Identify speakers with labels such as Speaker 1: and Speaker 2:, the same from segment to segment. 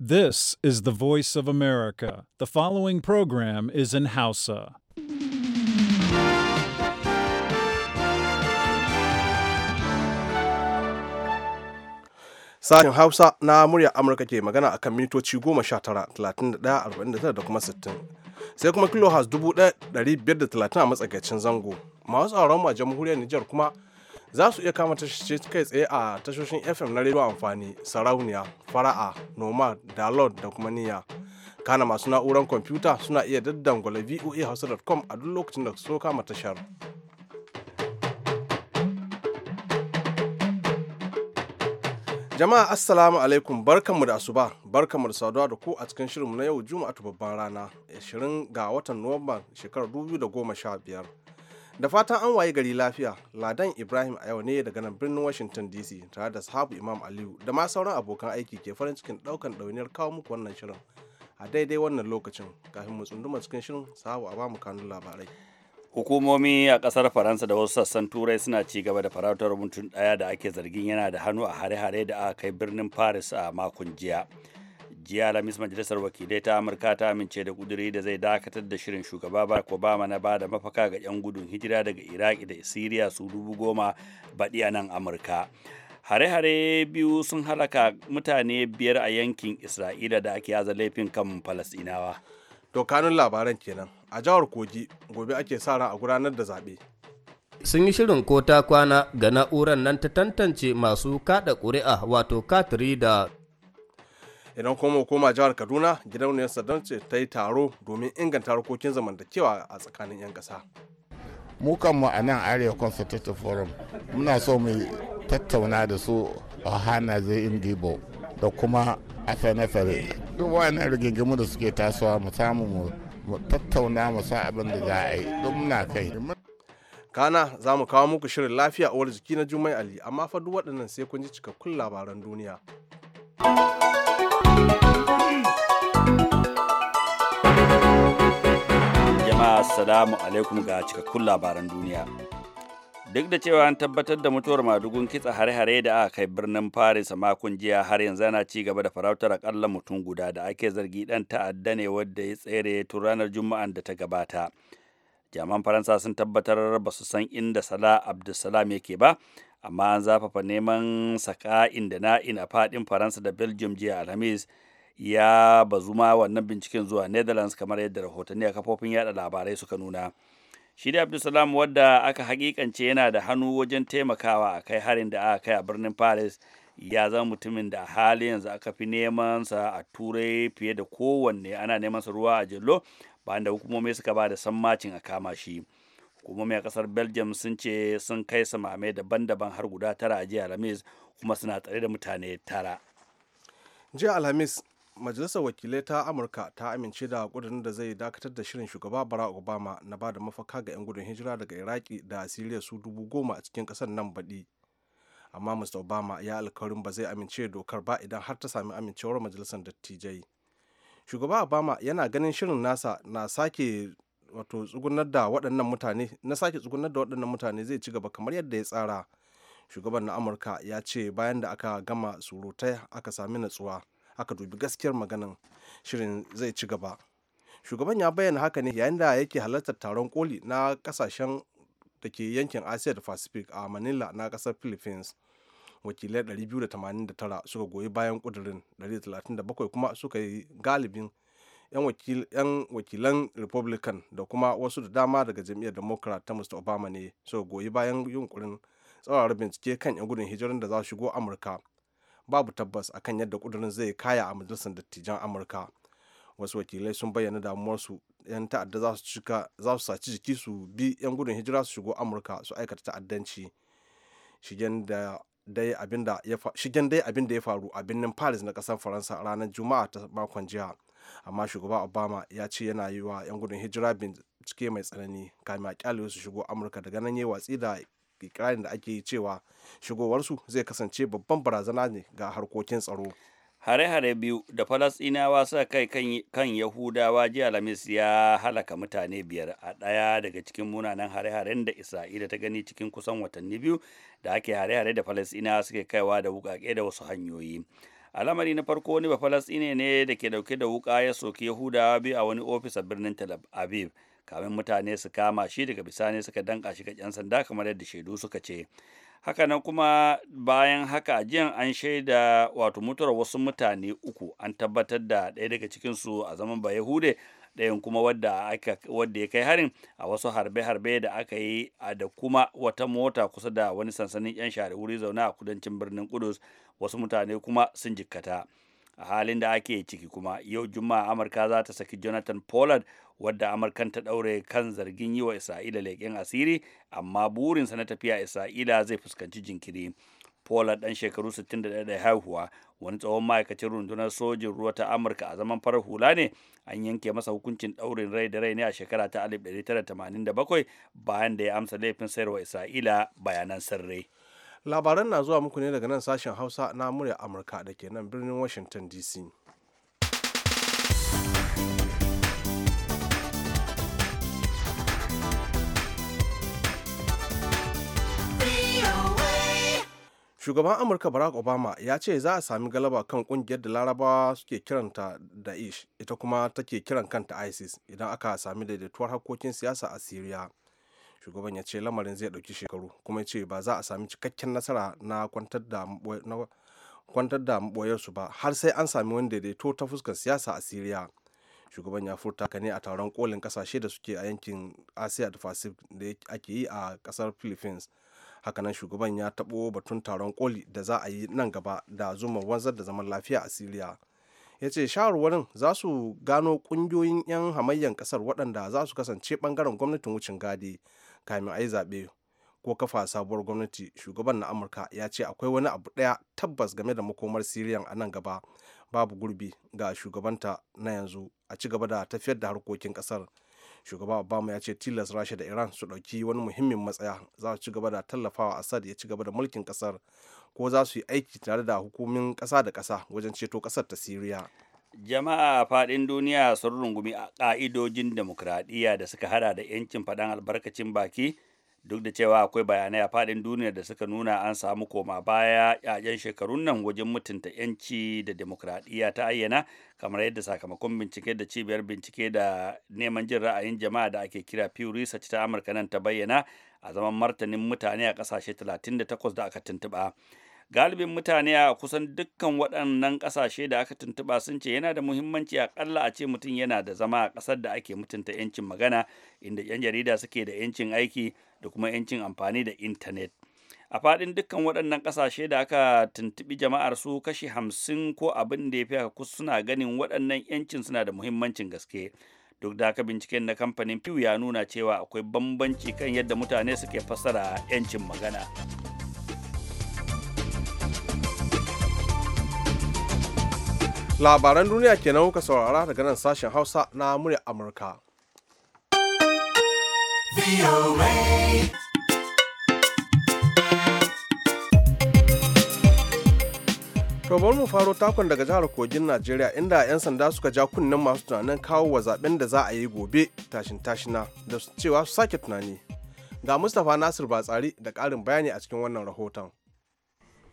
Speaker 1: This is the voice of America. The following program is in Hausa.
Speaker 2: Sashen Hausa na murya Amurka ke magana a kan mitoci 19,31,49 da kuma 60. Sai kuma da 1,530 a matsakaicin zango. Masu tsaron a jamhuriyar Nijar kuma za su iya kama tashoshi kai tsaye a tashoshin fm na rediyo amfani sarauniya fara'a noma dalot da kuma niyya kana masu na'urar kwamfuta suna iya daddangwala voa hausa.com a duk lokacin da so kama tashar jama'a assalamu alaikum barkanmu da asuba barkanmu da saduwa da ku a cikin shirinmu na yau juma'a babban rana 20 ga watan nuwamba shekarar 2015 da fatan an waye gari lafiya ladan ibrahim a yau ne daga nan birnin washington dc tare da sahabu imam aliyu da ma sauran abokan aiki ke farin cikin daukan dauniyar kawo muku wannan shirin a daidai wannan lokacin kafin mu tsunduma cikin shirin sahabu a bamu kanun labarai
Speaker 3: hukumomi a kasar faransa da wasu sassan turai suna ci gaba da farautar mutum daya da ake zargin yana da hannu a hare-hare da aka kai birnin paris a makon jiya jiya alhamis majalisar wakilai ta amurka ta amince da kuduri da zai dakatar da shirin shugaba barack obama na bada mafaka ga 'yan gudun hijira daga iraki da siriya su dubu goma baɗi a nan amurka hare-hare biyu sun halaka mutane biyar a yankin isra'ila da ake yaza laifin kan falasinawa to kanun labaran kenan a jihar
Speaker 2: kogi gobe ake sa ran a gudanar da zaɓe
Speaker 4: sun yi shirin ko ta kwana ga na'urar nan ta tantance masu kaɗa ƙuri'a wato katiri da
Speaker 2: idan kuma koma jihar kaduna gidauniyar sadance ta yi taro domin inganta harkokin zamantakewa a tsakanin 'yan kasa
Speaker 5: mu kanmu a nan area consultative forum muna so mu tattauna da su hana zai indibo da kuma afenefere duk wayannan rigingimu da suke tasowa mu samu mu tattauna mu sa
Speaker 2: abin da za a yi duk muna kai kana za mu kawo muku shirin lafiya uwar jiki na jumai ali amma fa duk waɗannan sai kun ji cikakkun labaran duniya
Speaker 3: jama'a assalamu alaikum ga cikakkun labaran duniya duk da cewa an tabbatar da mutuwar madugun kitsa hare-hare da aka kai birnin paris a makon jiya har yanzu ana ci gaba da farautar akalla mutum guda da ake zargi dan ta'adda ne wadda ya tsere tun ranar juma'an da ta gabata jaman faransa sun tabbatar ba su san inda sala abdulsalam yake ba amma an zafafa neman saka inda na'in a fadin faransa da belgium jiya alhamis ya bazu ma wannan binciken zuwa netherlands kamar yadda rahotanni a kafofin yada labarai suka nuna shi da abdulsalam wadda aka hakikance yana da hannu wajen taimakawa a kai harin da aka kai a birnin paris ya zama mutumin da a hali yanzu aka fi neman sa a turai fiye da kowanne ana neman sa ruwa a jello bayan da hukumomi suka ba da sammacin a kama shi hukumomi a kasar belgium sun ce sun kai samame daban-daban har guda tara a jiya alhamis kuma suna tsare da mutane tara
Speaker 2: jiya alhamis majalisar wakilai ta amurka ta amince da ƙudurin da zai dakatar da shirin shugaba barack obama na ba da mafaka ga 'yan gudun hijira daga iraki da siriya su dubu goma a cikin kasar nan baɗi amma mr obama ya alkawarin ba zai amince dokar ba idan har ta sami amincewar majalisar dattijai shugaba obama yana ganin shirin nasa na sake wato tsugunar da waɗannan mutane na sake tsugunar da waɗannan mutane zai ci gaba kamar yadda ya tsara shugaban na amurka ya ce bayan da aka gama surutai aka sami natsuwa aka dubi gaskiyar maganan shirin zai ci gaba shugaban ya bayyana haka ne yayin da yake halartar taron koli na kasashen da ke yankin asia da pacific a manila na kasar philippines wakilai 289 suka goyi bayan kudurin 137 kuma suka yi galibin 'yan wakilan republican da kuma wasu da dama daga jam'iyyar democrat ta mr obama ne suka goyi bayan yunkurin tsawarar bincike kan 'yan gudun hijirar da za su shigo amurka babu tabbas akan yadda kudurin zai kaya a majalisar dattijan amurka wasu wakilai sun bayyana damuwarsu yan ta'adda za su saci jiki su bi yan gudun hijira su shigo amurka su aikata ta'addanci shigen dai abin da ya faru a birnin paris na kasar faransa ranar juma'a ta makon jiya amma shugaba obama ya ce yana yi wa 'yan gudun hijira bincike mai tsanani kamin a su shigo amurka daga nan yi watsi da ikirarin da ake cewa shigowarsu zai kasance babban barazana ne ga harkokin tsaro
Speaker 3: hare-hare biyu da falasɗinawa suka kai kan yahudawa jiya lamis ya halaka mutane biyar a ɗaya daga cikin munanan hare-haren da isra'ila ta gani cikin kusan watanni biyu da ake hare-hare da falasɗinawa suke kaiwa da wuƙaƙe da wasu hanyoyi alamari na farko wani ba falasɗine ne da ke dauke da wuka ya soki yahudawa biyu a wani ofis a birnin tel aviv kamin mutane su kama shi daga bisani suka danka shi ga 'yan sanda kamar yadda shaidu suka ce haka hakanan kuma bayan haka jiyan an shaida wato mutuwar wasu mutane uku an tabbatar da ɗaya daga cikinsu a zaman ba yahude ɗayan kuma wadda aka wadda ya kai harin a wasu harbe-harbe da aka yi da kuma wata mota kusa da wani sansanin 'yan share wuri zaune a kudancin birnin kudus wasu mutane kuma sun jikkata a halin da ake ciki kuma yau juma'a amurka za ta saki jonathan pollard wadda amurkan ta ɗaure kan zargin yi wa isra'ila leƙen asiri amma burinsa na tafiya isra'ila zai fuskanci jinkiri Pollard dan shekaru 61 da haihuwa wani tsohon ma'aikacin rundunar sojin ruwa ta Amurka a zaman farar hula ne an yanke masa hukuncin ɗaurin rai da rai ne a shekara ta 1987 bayan da ya amsa laifin sayarwa Isra'ila bayanan sirri.
Speaker 2: Labaran na zuwa muku ne daga nan sashen Hausa na murya Amurka da ke nan birnin Washington DC. shugaban amurka barack obama ya ce za a sami galaba kan kungiyar da larabawa suke kiranta daesh ita kuma take kiran kanta isis idan aka sami daidaituwar harkokin siyasa a syria shugaban ya ce lamarin zai dauki shekaru kuma ya ce ba za a sami cikakken nasara na kwantar da su ba har sai an sami wani daidaito ta fuskar siyasa a syria shugaban ya furta ka ne a taron kolin kasashe da suke a yankin asia da pacific da ake yi a kasar philippines hakanan shugaban ya taɓo batun taron koli da za a yi nan gaba da zuma wanzar da zaman lafiya a siriya ya ce shawarwarin za su gano ƙungiyoyin 'yan hamayyan kasar waɗanda za su kasance ɓangaren gwamnatin wucin gadi kamin a yi zaɓe ko kafa sabuwar gwamnati shugaban na amurka ya ce akwai wani abu ɗaya tabbas game da makomar siriyan a nan gaba babu gurbi ga shugabanta na yanzu a ci gaba da tafiyar da harkokin ƙasar shugaba obama ya ce tilas rasha da iran su ɗauki wani muhimmin matsaya za su ci gaba da tallafawa assad ya ci gaba da mulkin kasar ko za su yi aiki tare da hukumin kasa da ƙasa wajen ceto ƙasar ta siriya
Speaker 3: jama'a faɗin duniya sun rungumi a ƙa'idojin demokradiyya da suka hada da 'yancin faɗan albarkacin baki duk da cewa akwai bayanai a fadin duniya da suka nuna an samu koma baya yayan shekarun nan wajen mutunta yanci da demokradiyya ta ayyana kamar yadda sakamakon bincike da cibiyar bincike da neman jin ra'ayin jama'a da ake kira Pew Research ta Amurka nan ta bayyana a zaman martanin mutane a kasashe 38 da aka tuntuba galibin mutane a kusan dukkan waɗannan ƙasashe da aka tuntuba sun ce yana da muhimmanci aƙalla a ce mutum yana da zama a ƙasar da ake mutunta 'yancin magana inda 'yan jarida suke da 'yancin aiki da kuma 'yancin amfani da intanet a fadin dukkan waɗannan ƙasashe da aka tuntuɓi jama'ar su kashi hamsin ko abin da ya fi haka kus suna ganin waɗannan 'yancin suna da muhimmancin gaske duk da haka binciken na kamfanin pew ya nuna cewa akwai bambanci kan yadda mutane suke fassara 'yancin magana
Speaker 2: labaran duniya kenan kuka saurara daga nan sashen hausa na murya amurka To bari mu faro takon daga jihar Kogin Najeriya inda 'yan sanda suka ja kunnen masu tunanin kawo wa zaben da za a yi gobe tashin tashina da cewa su sake tunani. Ga Mustapha Nasir Batsari da ƙarin bayani a cikin wannan rahoton.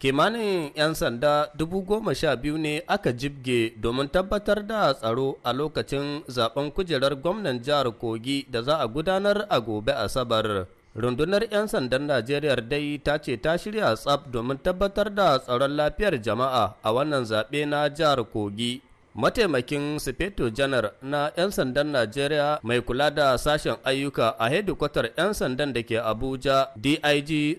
Speaker 4: kimanin 'yan sanda dubu goma sha biyu ne aka jibge domin tabbatar da tsaro a lokacin zaben kujerar gwamnan jihar kogi da za a gudanar a gobe asabar rundunar 'yan sandan najeriya dai ta ce ta shirya tsab domin tabbatar da tsaron lafiyar jama'a a wannan zaɓe na jihar kogi mataimakin sufeto janar na 'yan sandan najeriya mai kula da sashen ayyuka a hedikwatar 'yan sandan da ke abuja dig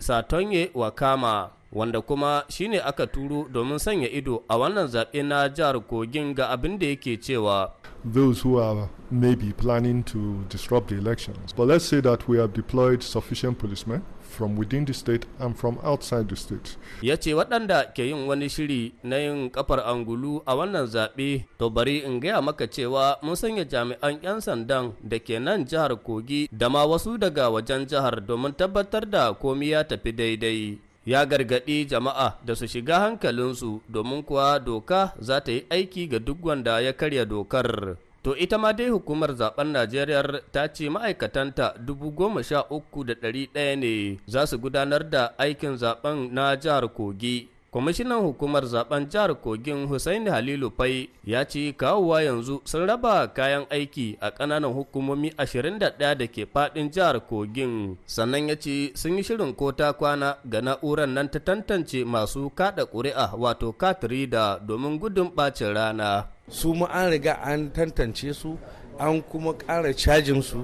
Speaker 4: satonye wakama wanda kuma shine aka turo domin sanya ido a wannan zaɓe na jihar kogin ga abin da yake cewa
Speaker 6: those who are maybe planning to disrupt the elections but let's say that we have deployed sufficient policemen from within the state and from outside the
Speaker 4: state. Ya ce waɗanda ke yin wani shiri na yin kafar angulu a wannan zaɓe, to bari in gaya maka cewa mun sanya jami'an 'yan sandan da ke nan jihar Kogi da ma wasu daga wajen jihar domin tabbatar da komi ya tafi daidai. ya gargaɗi jama'a da su shiga hankalinsu domin kuwa doka za ta yi aiki ga duk wanda ya karya dokar. To ita ma dai hukumar zaben Najeriya ta ce ma'aikatanta dubu goma sha uku da ɗari ɗaya ne za su gudanar da aikin zaben na jihar Kogi kwamishinan hukumar zaben jihar kogin hussaini halilu fai ya ce kawowa yanzu sun raba kayan aiki a ƙananan hukumomi 21 da ke fadin jihar kogin sannan ya ce sun yi shirin ko ta kwana ga na'urar nan ta tantance masu kada ƙuri'a wato katrida domin gudun bacin rana
Speaker 3: su ma an riga an tantance su an kuma ƙara cajin su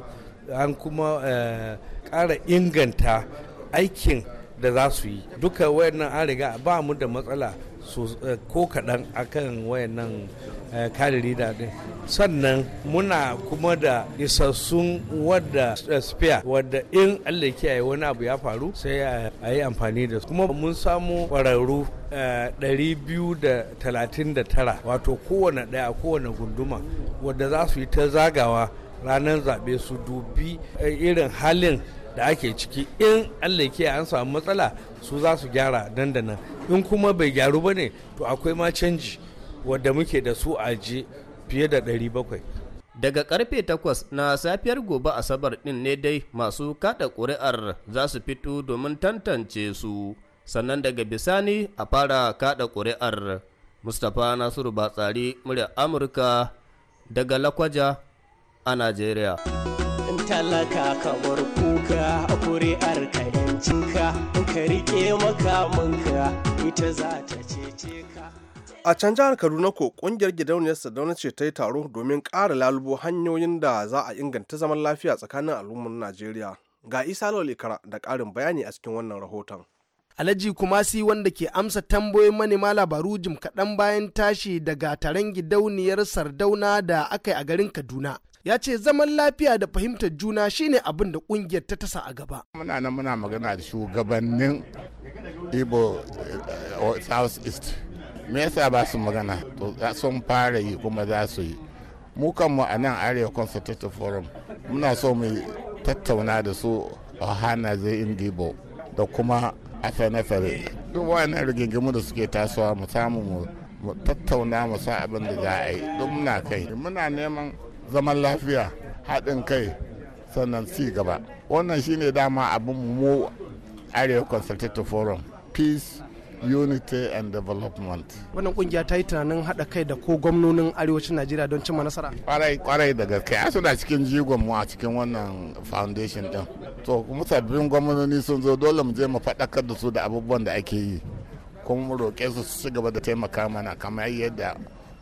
Speaker 3: an kuma eh, ƙara inganta aikin da za su yi duka wayannan an riga ba mu da matsala eh, ko kaɗan akan wayannan eh, kariri da ɗin sannan muna kuma da isassun wadda eh, spare wadda in allah kiyaye wani abu ya faru sai a yi amfani da su kuma mun samu ƙwararru tara. wato kowane ɗaya kowane gunduma wadda za su yi ta zagawa ranar zaɓe su dubi irin halin da ake ciki in allah ke an samu matsala su za su gyara
Speaker 4: nan da nan in kuma bai gyaru ba ne to akwai ma canji wadda muke da su a je fiye da 700 daga karfe 8 na safiyar gobe asabar din ne dai masu kada kuri'ar za su fito domin tantance su sannan daga bisani a fara kada kuri'ar mustapha nasiru batsari murya amurka daga lakwaja a nigeria. talaka
Speaker 6: ka bar kuka kuri'ar ka yancinka ka rike makamanka ita za ta
Speaker 7: cece ka
Speaker 6: a
Speaker 2: can jihar kaduna ko kungiyar gidauniyar sadauna ce ta yi taro domin ƙara lalubo hanyoyin da za a inganta zaman lafiya tsakanin al'ummar najeriya ga isa kara, da ƙarin bayani a cikin wannan rahoton
Speaker 6: Alhaji Kumasi wanda ke amsa tambayoyin manema labaru jim kaɗan bayan tashi daga taron gidauniyar Sardauna da aka yi a garin Kaduna ya ce zaman lafiya da fahimtar juna shine abin da kungiyar ta tasa a gaba muna nan muna magana da shugabannin
Speaker 5: igbo eh, eh, south east me yasa ba su magana sun fara yi kuma za su yi mu kanmu a nan arewa consultative forum muna so mu tattauna da su ohana zai indibo da kuma afenefere duk wani rigingimu da suke tasowa mu samu mu tattauna mu sa abin da za a yi duk muna kai muna neman zaman lafiya haɗin kai sannan ci gaba wannan shine dama abin mu area consultative forum peace unity and development
Speaker 6: wannan kungiya ta yi tunanin haɗa kai da ko gwamnonin arewacin najeriya don cimma nasara
Speaker 5: kwarai kwarai da gaske a suna cikin jigon mu a cikin wannan foundation din to kuma sabbin gwamnoni sun zo dole mu je mu faɗakar da su da abubuwan da ake yi kuma mu roƙe su su ci gaba da taimaka mana kamar yadda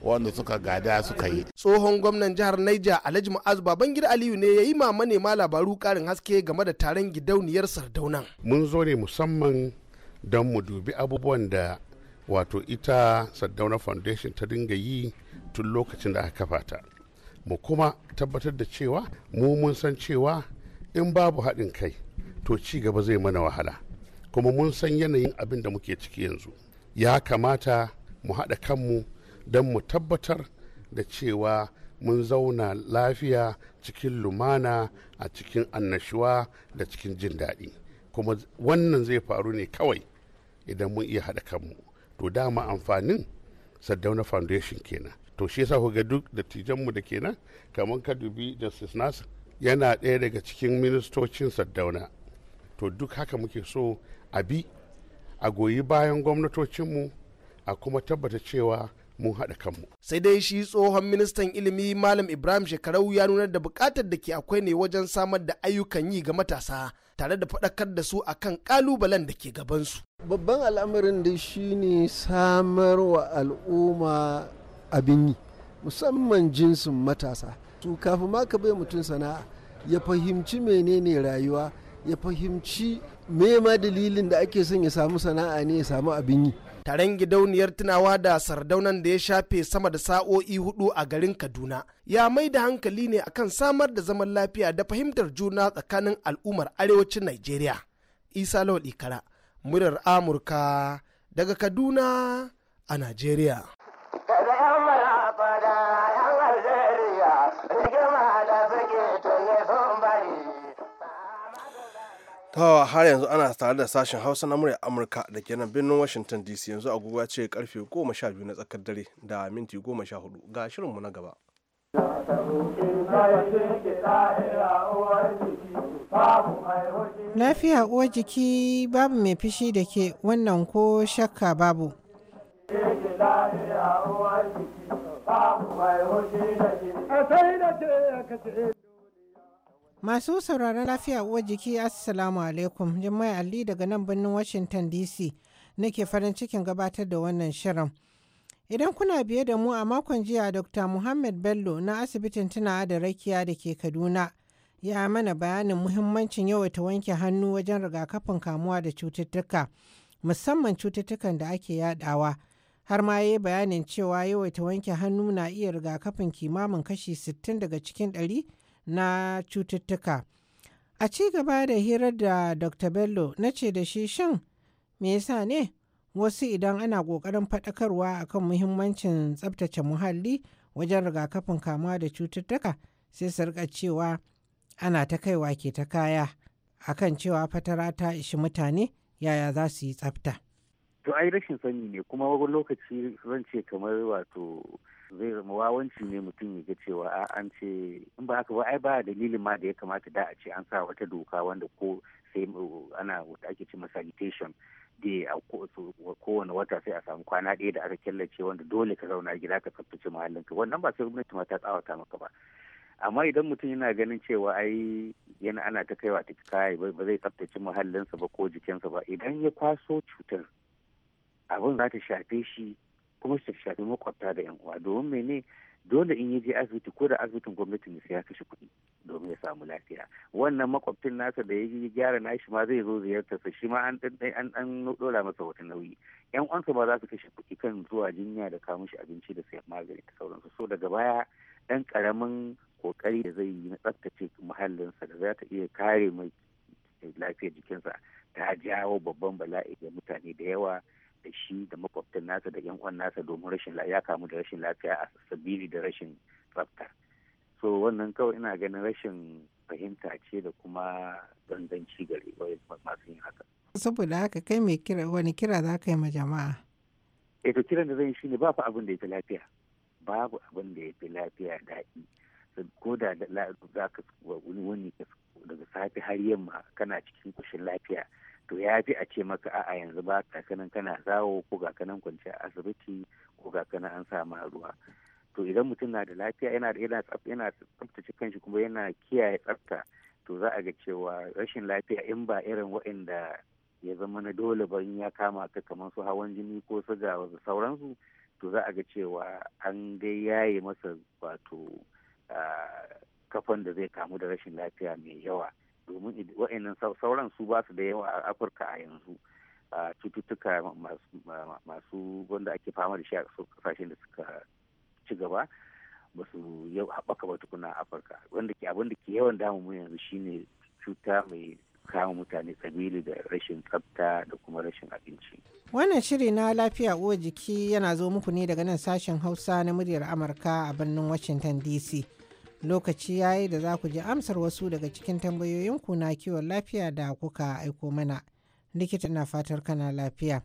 Speaker 5: wanda suka gada suka yi
Speaker 6: tsohon gwamnan jihar naija alhaji ma'azu babangida aliyu ne ya yi ma manema labaru karin haske game da taron gidauniyar sardaunan
Speaker 5: mun zo ne musamman don mu dubi abubuwan da wato ita sardauna foundation ta dinga yi tun lokacin da aka kafa ta mu kuma tabbatar da cewa mu mun san cewa in babu haɗin kai to ci gaba zai mana wahala kuma mun san yanayin abin da muke ciki yanzu ya kamata mu haɗa kanmu don mu tabbatar da cewa mun zauna lafiya cikin lumana a cikin annashuwa da cikin jin daɗi kuma wannan zai faru ne kawai idan mun iya haɗa kanmu to dama amfanin saddauna foundation kenan to shi yasa ku ga duk dattijanmu da kenan kamar ka dubi justice yana ɗaya daga cikin ministocin saddauna to duk haka muke so a bi a goyi bayan gwamnatocinmu a kuma tabbata cewa mun haɗa kanmu.
Speaker 6: Sai dai shi tsohon ministan ilimi Malam Ibrahim Shekarau ya nunar da buƙatar da ke akwai ne wajen samar da ayyukan yi ga matasa tare da faɗakar da su akan ƙalubalen da ke gabansu. Babban al'amarin da shi ne samar wa al'umma abin yi musamman jinsin matasa. Su kafin ma ka bai mutum sana'a ya fahimci menene rayuwa ya fahimci me ma dalilin da ake son ya samu sana'a ne ya samu abin yi. taron gidauniyar tunawa da sardaunan da ya shafe sama da sa'o'i hudu a garin kaduna ya mai da hankali ne akan samar da zaman lafiya da fahimtar juna tsakanin al'ummar arewacin nigeria isa lawal ikara murar amurka daga kaduna a nigeria
Speaker 2: tawa har yanzu ana tare da sashen hausa na murya amurka da ke nan birnin washington dc yanzu agogo ce karfe 12 na tsakar dare da minti 14 ga shirinmu na gaba
Speaker 1: lafiya uwar jiki babu mai fishi da ke wannan ko shakka babu Masu sauraron lafiya uwar jiki Assalamu alaikum Jummai Ali daga nan birnin Washington DC nake farin cikin gabatar da wannan shirin. Idan kuna biye da mu a makon jiya Dr. Muhammad Bello na asibitin tuna da rakiya da ke Kaduna ya mana bayanin muhimmancin yawaita wanke hannu wajen rigakafin kamuwa da cututtuka musamman cututtukan da ake yadawa har ma yi bayanin cewa yawaita wanke hannu na iya rigakafin kimamin kashi 60 daga cikin ɗari. na cututtuka. A ci gaba da hirar da Dr. Bello na ce da shi shan me yasa ne wasu idan ana ƙoƙarin faɗakarwa akan muhimmancin tsabtace muhalli wajen rigakafin kamuwa da cututtuka sai su rika cewa ana ta kaiwa ke ta kaya akan cewa fatara ta ishi mutane yaya za su yi tsabta.
Speaker 8: to ai rashin sani ne kuma wani lokaci zan ce kamar wato zai zama wawanci ne mutum ya ga cewa an ce in ba haka ba ai ba dalilin ma da ya kamata da a ce an sa wata doka wanda ko sai ana wata ake ce sanitation da a kowane wata sai a samu kwana ɗaya da aka killace wanda dole ka zauna gida ka tsaftace ka wannan ba sai gwamnati ma ta tsawata maka ba amma idan mutum yana ganin cewa ai yana ana ta kaiwa ta kaya ba zai tsaftace muhallinsa ba ko jikinsa ba idan ya kwaso cutar abin za ta shafe shi kuma su shafi makwabta da yan uwa domin mene dole in yi je asibiti ko da asibitin gwamnati ne sai ya kashe kuɗi domin ya samu lafiya wannan makwabcin nasa da ya gyara nashi ma zai zo ziyartarsa shi ma an an masa wata nauyi yan uwansa ba za su kashe kuɗi kan zuwa jinya da kawo mishi abinci da sayan magani da sauransu so daga baya dan karamin kokari da zai yi na tsaftace muhallinsa da za ta iya kare mai lafiyar jikinsa ta jawo babban bala'i ga mutane da yawa da shi da makwabtan nasa da yan uwan nasa domin rashin ya kamu da rashin lafiya a sabili da rashin tsafta so wannan kawai ina ganin rashin fahimta ce da kuma danganci gare masu yin haka
Speaker 1: saboda haka kai mai kira wani kira za ka yi ma jama'a
Speaker 8: eto eh kiran da zan yi ne babu abin da ya fi lafiya babu abin da ya fi lafiya daɗi ko da za ka wani daga safe har yamma kana cikin kushin lafiya to ya fi a ce maka a'a yanzu ba kakanan kana zawo ko ga kanan kwanciya asibiti ko ga an samu ruwa to idan mutum na da lafiya yana da yana yana tsaftace kanshi kuma yana kiyaye tsafta to za a ga cewa rashin lafiya in ba irin waɗanda ya zama na dole ba ya kama ka kamar su hawan jini ko suga da sauransu to za a ga cewa an dai yaye masa wato ah, kafan da zai kamu da rashin lafiya mai yawa domin wa'annan sauran su ba su da yawa a afirka a yanzu a cututtuka masu wanda ake fama da shi a kasashen da suka ci gaba ba su haɓaka ba tukuna a afirka wanda ke abin da ke yawan damu mu yanzu shine cuta mai kama mutane sabili da rashin tsafta da kuma rashin abinci.
Speaker 1: Wannan shiri na lafiya uwa jiki yana zo muku ne daga nan sashen Hausa na muryar Amurka a birnin Washington DC. lokaci ya yi da za ku ji amsar wasu daga cikin tambayoyinku na kiwon lafiya da kuka aiko mana likita na fatar kana lafiya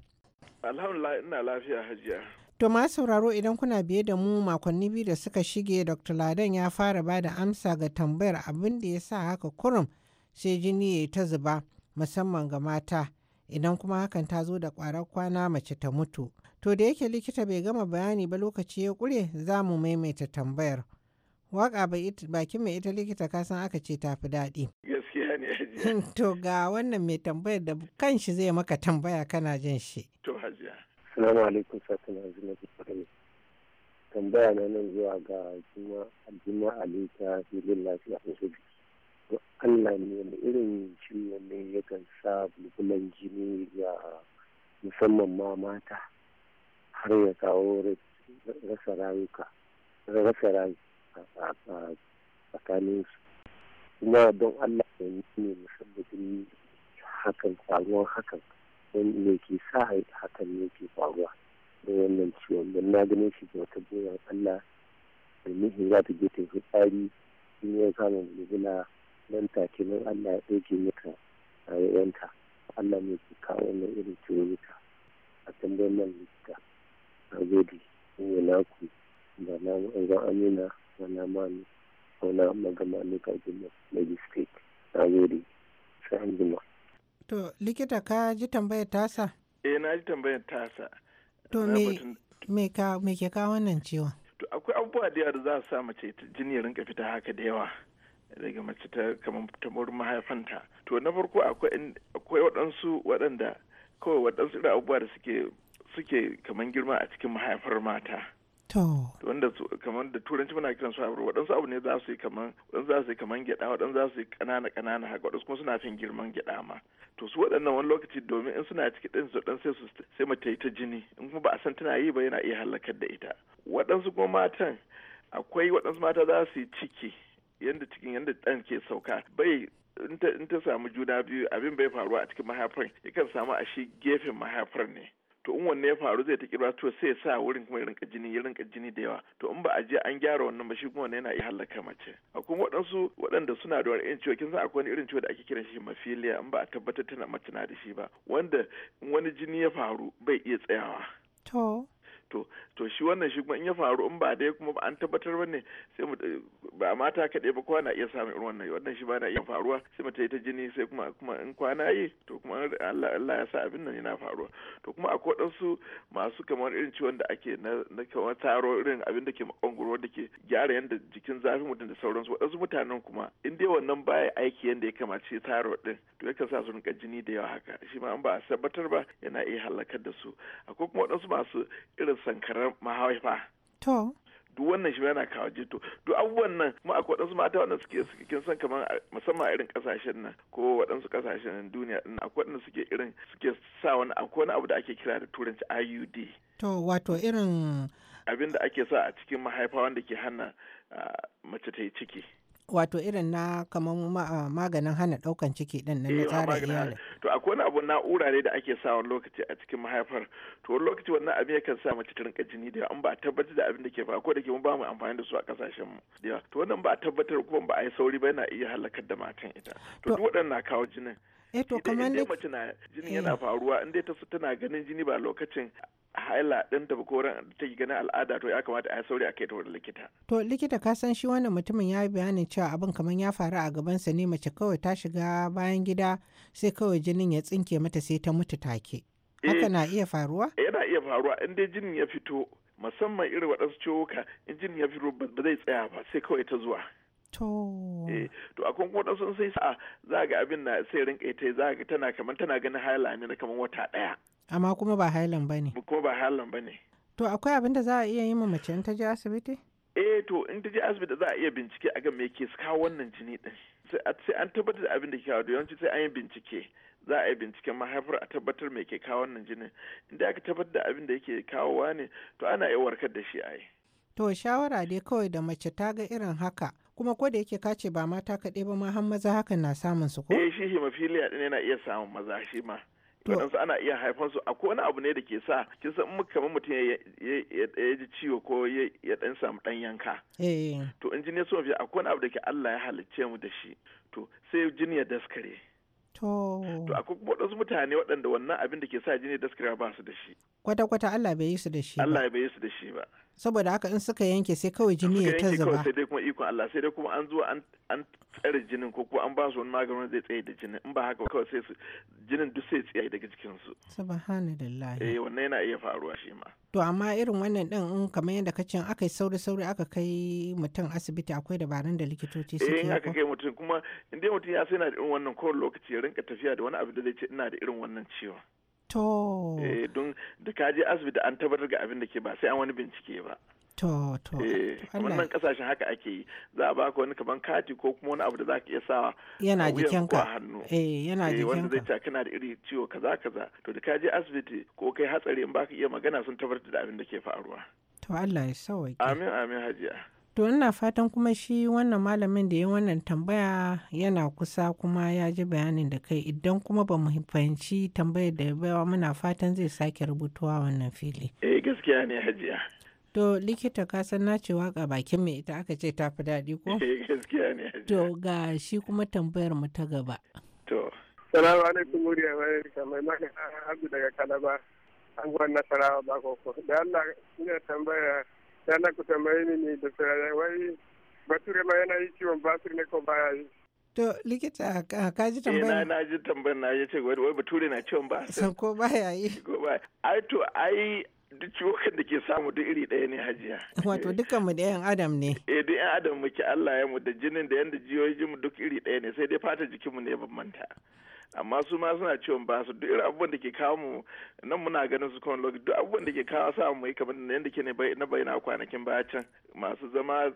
Speaker 9: alhamdulillah ina lafiya hajiya
Speaker 1: to ma sauraro idan kuna biye da mu makonni biyu da suka shige dr ladan ya fara ba da amsa ga tambayar abin da ya sa haka kurum sai jini ya ta zuba musamman ga mata idan kuma hakan ta zo da kwarar kwana mace ta mutu to da yake likita bai gama bayani ba lokaci ya kure za mu maimaita tambayar Waka bakin mai ita likita kasan aka ce tafi daɗi.
Speaker 9: Gaskiya ne
Speaker 1: To ga wannan mai tambayar da kan shi zai maka tambaya kana jin shi.
Speaker 9: To hajiya. Salamu
Speaker 7: alaikum sakin da Tambaya na nan zuwa ga Juma Ali ta filin lafiya a Allah ne wani irin ciwo ne yakan sa bulbulan jini ga musamman ma mata har ya kawo rasa rayuka. Rasa rayuka. tsakanin su kuma don allah da yi ne musabbatin hakan faruwar hakan wanda ke sa hakan ne ke faruwa don wannan ciwon don na ganin shi da wata goyon allah da nufin za ta je ta fi tsari in ya samu bulbula nan take nan allah ya ɗauke maka a yanka allah ne ke kawo wannan irin ciwonita a tambayin nan likita a gode in yi ku da na amina na mani mauna magana ne ka magistrate na na
Speaker 9: gode sai an jima.
Speaker 1: to likita ka ji tambayar tasa?
Speaker 9: eh na ji tambayar tasa. to
Speaker 1: me ke kawo wannan ciwon?
Speaker 9: to akwai abubuwa da yawa da za sa mace jini ya rinka fita haka da yawa daga mace ta kamar ta mahaifanta to na farko akwai waɗansu waɗanda kawai waɗansu irin abubuwa da suke suke kamar girma a cikin mahaifar mata To. Wanda kamar da turanci muna kiran su abu waɗansu abu ne za su yi kamar waɗansu za su yi kamar gyaɗa waɗansu za su yi ƙanana ƙanana haka waɗansu kuma suna fin girman gyaɗa ma. To su waɗannan wani lokaci domin in suna ciki ɗin su ɗan sai su sai mu yi ta jini in kuma ba a san tana yi ba yana iya halakar da ita. Waɗansu kuma matan akwai waɗansu mata za su yi ciki yadda cikin yadda ɗan ke sauka bai in ta samu juna biyu abin bai faruwa a cikin mahaifar yakan samu a shi gefen mahaifar ne. to in wanne ya faru zai ta kira to sai sa wurin kuma ya rinka jini ya rinka jini da yawa to in ba a je an gyara wannan ba shi kuma wannan yana iya halaka mace akwai waɗansu waɗanda suna da wani irin ciwo kin san akwai wani irin ciwo da ake kiran shi mafiliya in ba a tabbatar tana mace na da shi ba wanda in wani jini ya faru bai iya tsayawa to to to shi wannan shi kuma in ya faru in ba dai kuma ba an tabbatar ba ne sai mu ba mata kaɗai ba kowa na iya samun irin wannan wannan shi ba na iya faruwa sai mu ta yi ta jini sai kuma kuma in kwana yi to kuma Allah ya sa abin nan yana faruwa to kuma akwai waɗansu masu kamar irin ciwon da ake na na kamar taro irin abin da ke makonguro da ke gyara yanda jikin zafin mutum da sauransu waɗansu mutanen kuma in dai wannan baya aiki yanda ya kamace taro din to yakan sa su rinka jini da yawa haka shi ma an ba a tabbatar ba yana iya halakar da su akwai kuma waɗansu masu irin sankarar mahaifa to duk wannan shi yana kawo jito duk abubuwan nan kuma akwai waɗansu mata wanda suke suke kin san kamar musamman irin kasashen nan ko waɗansu kasashen duniya din akwai waɗanda suke irin suke sa wani akwai wani abu da ake kira da turanci IUD
Speaker 1: to wato irin
Speaker 9: abin da ake sa a cikin mahaifa wanda ke hana ah, mace ta yi ciki
Speaker 1: wato irin na kamar ah, maganin hana daukan ciki din na eh, tsara iyali
Speaker 9: to akwai wani abu na'ura ne da ake sa wani lokaci a cikin mahaifar to wani lokaci wannan abin yakan sa mace ta rinka jini da an ba a tabbatar da abin da ke faruwa ko da ke mun ba mu amfani da su a kasashen mu to wannan ba tabbatar kuma ba a yi sauri ba yana iya halakar da matan ita to duk waɗannan kawo jinin Eto eh, to kamar da mace na jini eh. yana faruwa in dai ta tana ganin jini ba lokacin haila din ta ko ran ta ganin al'ada to ya kamata a sauri a kai ta wurin likita
Speaker 1: to likita ka san shi wannan mutumin ya bayanin cewa abin kamar ya faru a gaban sa ne mace kawai ta shiga bayan gida sai kawai jinin ya tsinke mata sai ta mutu take eh. haka na iya
Speaker 9: faruwa yana iya faruwa in dai jinin ya fito musamman irin waɗansu ciwuka in jinin ya fito ba zai tsaya ba sai kawai ta zuwa To. Eh, to a kuma sun sai sa za ga abin na sai rinka ita za ga tana kamar tana ganin haila ne na kamar wata ɗaya. Amma kuma ba hailan ba ne. Kuma ba hailan ba ne.
Speaker 1: To akwai abin da za a iya yi ma mace in ta je asibiti?
Speaker 9: eh to in ta je asibiti za a iya bincike a ga me ke kawo wannan jini din sai an tabbatar da abin da ke da yawanci sai an yi bincike za a yi binciken mahaifar a tabbatar me ke kawo wannan jinin inda aka tabbatar da abin da yake kawowa ne to ana iya warkar da shi a yi
Speaker 1: to shawara dai kawai da mace ta ga irin haka kuma ko da yake ka ce ba mata kaɗai ba ma har maza hakan na samun su
Speaker 9: ko? Eh shi hemophilia ɗin yana iya samun maza shi ma. waɗansu ana iya haifar su a wani abu ne da ke sa kin san mu kamar mutum ya ji ciwo ko ya ɗan samu ɗan yanka eh. to in jini ya so a akwai wani abu da ke Allah ya halicce mu da shi to sai jini ya daskare
Speaker 1: to akwai
Speaker 9: kuma waɗansu mutane waɗanda wannan abin da ke sa jini ya daskare ba su da shi
Speaker 1: kwata-kwata Allah bai yi su da shi ba Allah
Speaker 9: bai yi su da shi ba
Speaker 1: saboda haka in suka yanke sai kawai jini ya ta zuba sai dai
Speaker 9: kuma ikon Allah sai dai kuma an zo an an tsare jinin ko kuma an ba su wani maganin zai tsaye da jinin in ba haka kawai sai su jinin duk sai tsaye daga jikin su
Speaker 1: subhanallahi eh
Speaker 9: wannan yana iya faruwa shi ma
Speaker 1: to amma irin wannan din in kamar yadda kace aka akai sauri sauri aka kai mutum asibiti akwai dabarun da likitoci suke eh aka kai
Speaker 9: mutum kuma inda mutum ya sai na da irin wannan kowane lokaci ya rinka tafiya da wani abu da zai ce ina da irin wannan ciwon
Speaker 1: To. Eh
Speaker 9: don da ka je asibiti an tabbatar ga abin da ke ba sai an wani bincike ba. To to. Eh wannan kasashen haka ake yi za a baka wani kaman kati ko kuma wani abu da zaka iya sawa. Yana jikinka. hannu. Eh
Speaker 1: yana jikinka. Eh, wanda zai
Speaker 9: ta kana da iri ciwo kaza kaza to da ka je asibiti ko kai hatsari in baka iya magana sun tabbatar da abin da ke faruwa.
Speaker 1: To Allah ya sauke. Amin
Speaker 9: amin hajiya.
Speaker 1: To ina fatan kuma shi wannan malamin da ya wannan tambaya yana kusa kuma ya ji bayanin da kai idan kuma ba mu fahimci tambayar da ya bayawa muna fatan zai sake rubutuwa wannan fili.
Speaker 9: Eh gaskiya ne hajiya.
Speaker 1: To likita ka san na ce waka bakin mai ita aka ce ta fi daɗi ko?
Speaker 9: Eh gaskiya ne hajiya.
Speaker 1: To ga shi kuma tambayar mu ta gaba.
Speaker 9: To. Salamu alaikum murya rikon mai magana Abdu daga Kalaba.
Speaker 7: Anguwar Nasarawa Bakoko. Da Allah ina tambaya yana kuta mai ne da
Speaker 9: wai bature ma yana yi ciwon basir ne ko baya yi
Speaker 1: to likita ka eh, ji tambayar
Speaker 9: na ji tambayar na ya ce wai bature na ciwon basir ko baya yi ko baya ai to ai duk ciwokan da ke samu duk iri ɗaya ne hajiya.
Speaker 1: Wato eh. dukkan mu da yan adam ne.
Speaker 9: Eh duk yan adam muke Allah ya mu da jinin da yanda jiyoyin mu duk iri ɗaya ne sai dai fata jikinmu ne manta amma su ma suna ciwon ba su duk abubuwan da ke kawo mu nan muna ganin su kawai lokaci duk abubuwan da ke kawo sa mu yi kamar da yadda ke na bayyana kwanakin baya can masu zama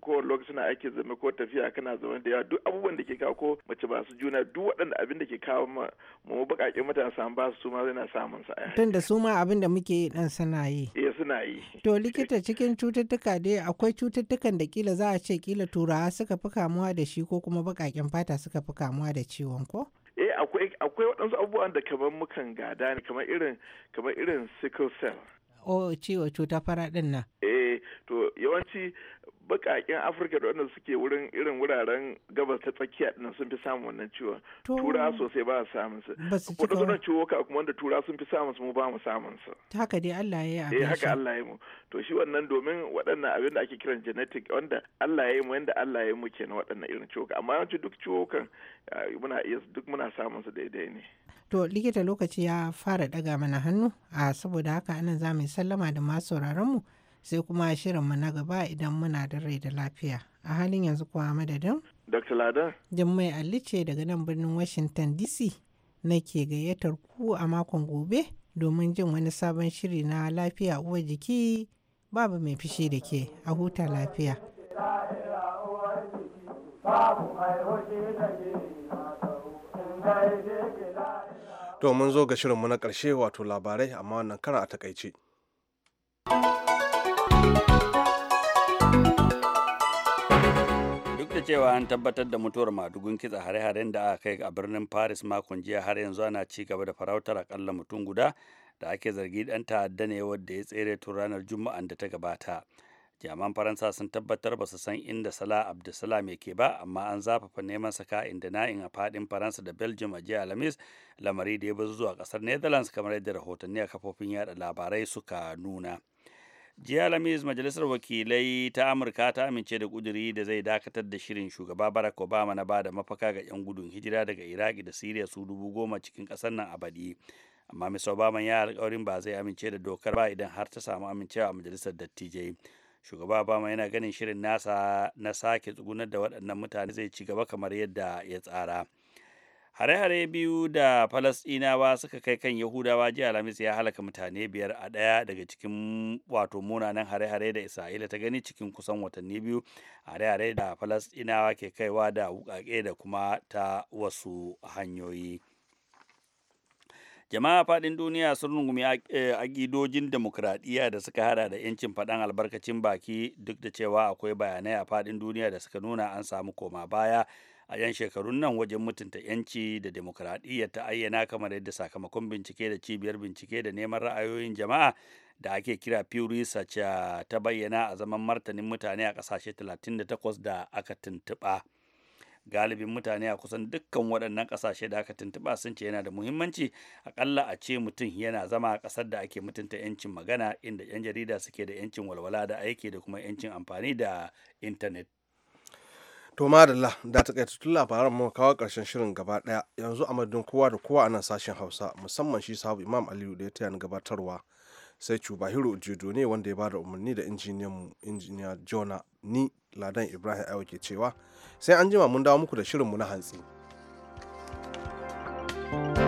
Speaker 9: kowane lokaci na ake zama ko tafiya kana zama da yawa duk abubuwan da ke kawo ko mace ba su juna duk waɗanda abin da ke kawo mu mu baƙaƙen matasa ba su ma yana samun sa
Speaker 1: tun da su ma abin da muke yi dan suna yi eh suna yi to likita cikin cututtuka dai akwai cututtukan da kila za a ce kila turawa suka fi kamuwa da shi ko kuma baƙaƙen fata suka fi kamuwa da ciwon ko
Speaker 9: akwai akwai waɗansu abubuwan da kamar mukan gada ne kamar irin kamar irin sickle cell.
Speaker 1: Oh, ciwo cuta fara din nan.
Speaker 9: Eh to yawanci bakaƙen afirka da wanda suke wurin irin wuraren gabas ta tsakiya dinnan sun fi samun wannan ciwon tura sosai ba samun su kuma suna ciwo ka kuma wanda tura sun fi samun su mu ba mu samun su
Speaker 1: haka dai Allah ya yi eh, haka Allah
Speaker 9: ya mu to shi wannan domin waɗannan abin da ake kiran genetic wanda Allah ya yi mu yanda Allah ya yi mu kenan waɗannan irin ciwo amma yawanci duk ciwo kan eh, muna iya duk muna samun su daidai ne
Speaker 1: to likita lokaci ya fara daga mana hannu a ah, saboda haka anan za mu sallama da masu sauraron mu sai kuma shirinmu na gaba idan muna da rai da lafiya. A halin yanzu kuwa madadin?
Speaker 9: Dr. Lada?
Speaker 1: Jummai mai ce daga nan birnin Washington DC na ke gayyatar ku a makon gobe domin jin wani sabon shiri na lafiya uwar jiki babu mai fishi da ke a huta lafiya.
Speaker 2: To mun zo ga shirinmu na ƙarshe wato labarai amma wannan kara a takaice.
Speaker 3: cewa an tabbatar da mutuwar madugun kitsa hare-haren da aka kai a birnin paris makon jiya har yanzu ana ci gaba da farautar akalla mutum guda da ake zargi dan ta'adda ne wadda ya tsere tun ranar juma'an da ta gabata jaman faransa sun tabbatar ba su san inda salah abdulsalam yake ba amma an zafafa neman saka inda na'in a fadin faransa da belgium a jiya alhamis lamari da ya bazu zuwa kasar netherlands kamar yadda rahotanni a kafofin yada labarai suka nuna jiya lamis majalisar wakilai ta amurka ta amince da kuduri da zai dakatar da shirin shugaba barack obama na bada mafaka ga 'yan gudun hijira daga iraki da siriya su dubu goma cikin kasar nan a baɗi amma mr obama ya alkawarin ba zai amince da dokar ba idan har ta samu amincewa a majalisar dattijai shugaba obama yana ganin shirin nasa na sake tsugunar da waɗannan mutane zai ci gaba kamar yadda ya tsara hare-hare biyu da falasɗinawa suka kai kan yahudawa jiya alhamis ya halaka mutane biyar a ɗaya daga cikin wato munanan hare-hare da isra'ila ta gani cikin kusan watanni biyu hare-hare da falasɗinawa ke kaiwa da wuƙaƙe da kuma ta wasu hanyoyi jama'a faɗin duniya sun rungumi aƙidojin e, demokuraɗiyya da suka hada da 'yancin faɗan albarkacin baki duk da cewa akwai bayanai a faɗin duniya da suka nuna an samu koma baya a 'yan shekarun nan wajen mutunta 'yanci da demokuraɗiyya ta ayyana kamar yadda sakamakon bincike da cibiyar bincike da neman ra'ayoyin jama'a da ake kira Pew Research ah, ta bayyana a zaman martanin mutane a ƙasashe 38 da aka tuntuɓa. galibin mutane a kusan dukkan waɗannan ƙasashe da aka tuntuɓa sun ce yana da muhimmanci akalla a ce mutum yana zama a ƙasar da ake mutunta 'yancin magana inda 'yan jarida suke da 'yancin walwala da aiki da kuma 'yancin amfani da intanet
Speaker 2: To madalla da ta tun labaran mu kawo karshen shirin gaba daya yanzu a madadin kowa da kowa a nan sashen Hausa musamman shi sabu Imam Aliyu da ya taya ni gabatarwa sai Cubahiro Jido ne wanda ya ba da umarni da injiniyan mu injiniya Jona ni Ladan Ibrahim Ayo ke cewa sai an jima mun dawo muku da shirin mu na hantsi. thank you